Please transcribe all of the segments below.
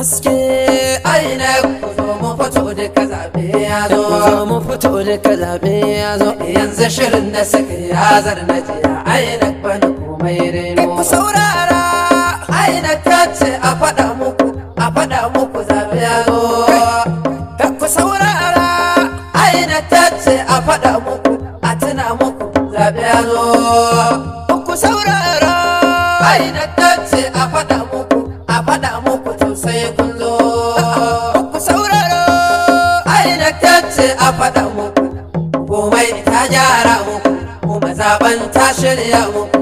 Maske aina kuzo zo mu fito da ka ya zo mu fito da ka ya zo yanzu shirin da suka ya zarna jiya aina bana komai reno ku saurara aina ta ce a faɗa muku a faɗa muku zabe ya zo ku saurara aina ta ce a faɗa muku a tuna muku zabe ya zo ku saurara aina ta ce a faɗa muku mazaɓan ta shirya muku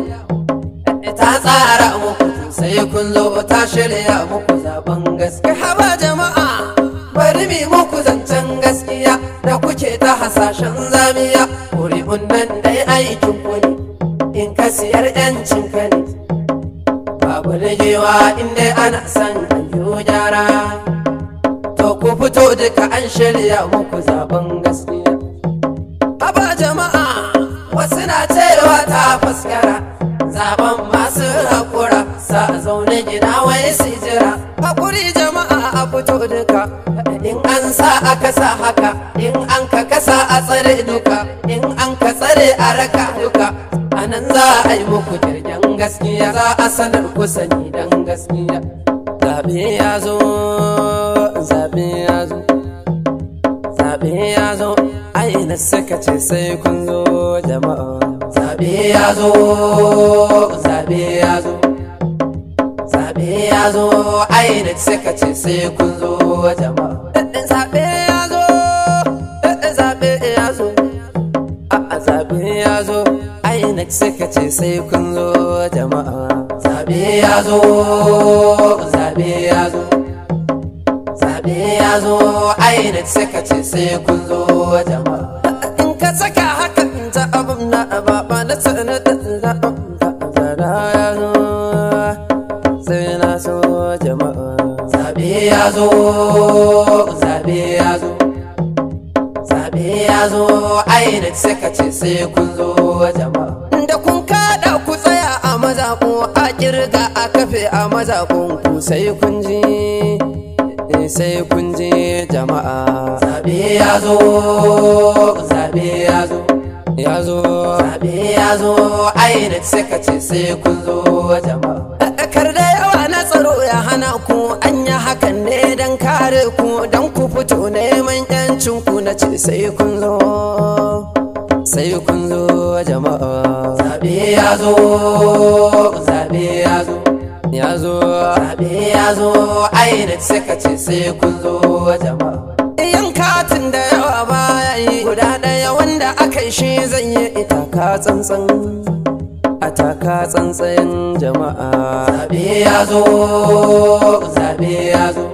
ta tsara muku sai kun zo ta shirya muku Zaben gaske haba jama'a bari mi muku zancen gaskiya da kuke ta hasashen zamiya ƙuri'un nan dai aikin ku ne in ka siyar yancin ka ne babu rigewa, in dai ana son ayyo gyara to ku fito duka an shirya muku zaɓen gaskiya haba jama'a cewa ta fuskara zaben masu hakura sa zaune gina wai su jira hakuri jama'a a fito duka in an sa aka sa haka in an ka kasa a tsare duka in an ka tsare a raka duka anan za a yi muku jirgin gaskiya za a sanar ku sani dan gaskiya zabe ya zo zabe ya zo zabe ya zo ai na saka ce sai kun zo jama'a zabe ya zo zaɓe ya zo zaɓe ya zo ainihin suka ce sai kun zo jama'a daɗin zabe ya zo daɗin zabe ya zo a zabe ya zo ainihin suka ce sai kun zo jama'a zaɓe ya zo zaɓe ya zo zaɓe ya zo ainihin suka ce sai kun zo jama'a na tsana ta tsana tsana ya zo sai na so jama'a zabe ya zo zabe ya zo zabe ya zo ainihin suka ce sai kun zo jama'a da kun kada ku tsaya a mazaɓo a kirga a kafe a mazaɓon ku sai kun ji sai kun ji jama'a zabe ya zo zabe ya zo ya zo zaɓe ya zo ainihin suka ce sai kun zo jama'a kar da yawa na tsaro ya hana ku an yi hakan ne don kare ku don ku fito neman yancin ku na ce sai kun zo sai kun zo jama'a zaɓe ya zo Zabe ya zo ya zo zaɓe ya zo ainihin suka ce sai kun zo jama'a yin katin da yawa baya yi guda ɗaya wanda aka yi shi zan yi ka tsantsan a taka tsantsayin jama'a zaɓe ya zo zabe ya zo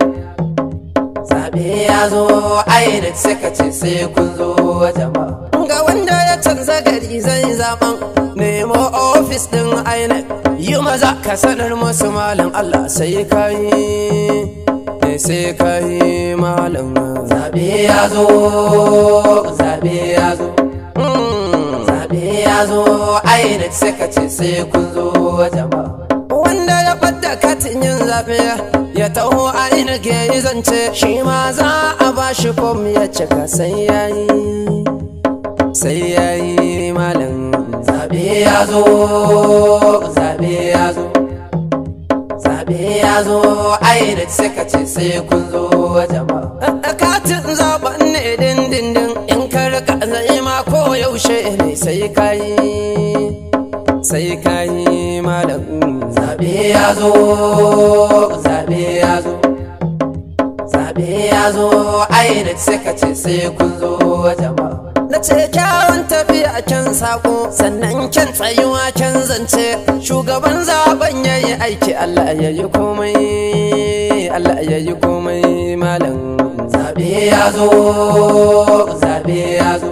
zabe ya zo ainih suka ce sai kun zo jama'a ga wanda ya canza gari zai zama nemo ofis ɗin ainih yi maza ka sanar musu malam allah sai ka yi ka yi malam zabe ya zo zabe ya zo mm. zabe ya zo ai da suka ce sai kun zo jama'a wanda ya fadda katin yin zabe ya taho a ina ke zance shi ma za a ba shi fom ya cika sai yayi sai yayi malam zabe ya zo zabe ya zo na zo ainihin suka ce sai kun zo jama'a katin zaben ne dindindin in ka rika zai ma ko yaushe ne sai ka yi sai ka yi malam zabe ya zo zabe ya zo zabe ya zo ainihin suka ce sai kun zo jama'a na ce kyawun tafi a can sako sannan kyan tsayuwa can zance shugaban zaben ya yi aiki Allah ya yi komai Allah ya yi komai malam zabe ya zo zabe ya zo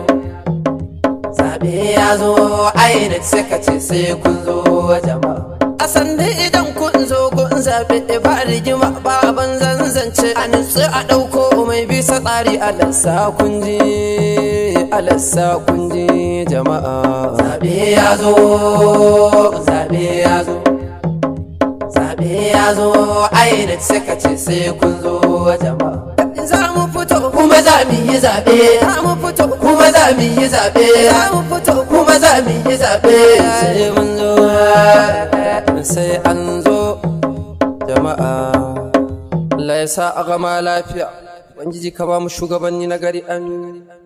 zabe ya zo ainihin suka ce sai kun zo jama'a a sanda idan kun zo kun zabe e ba rigima ba ban zanzance a nutsu a ɗauko mai bisa tsari a lansa kun ji alassa kunji jama'a zabe ya zo zabe ya zo zabe ya zo ai da suka ce sai kun zo jama'a za mu fito kuma za mu yi zabe za mu fito kuma za mu yi zabe za mu fito kuma za mu yi zabe sai mun zo sai an zo jama'a Allah ya sa a gama lafiya ubangiji ka ba mu shugabanni na gari amin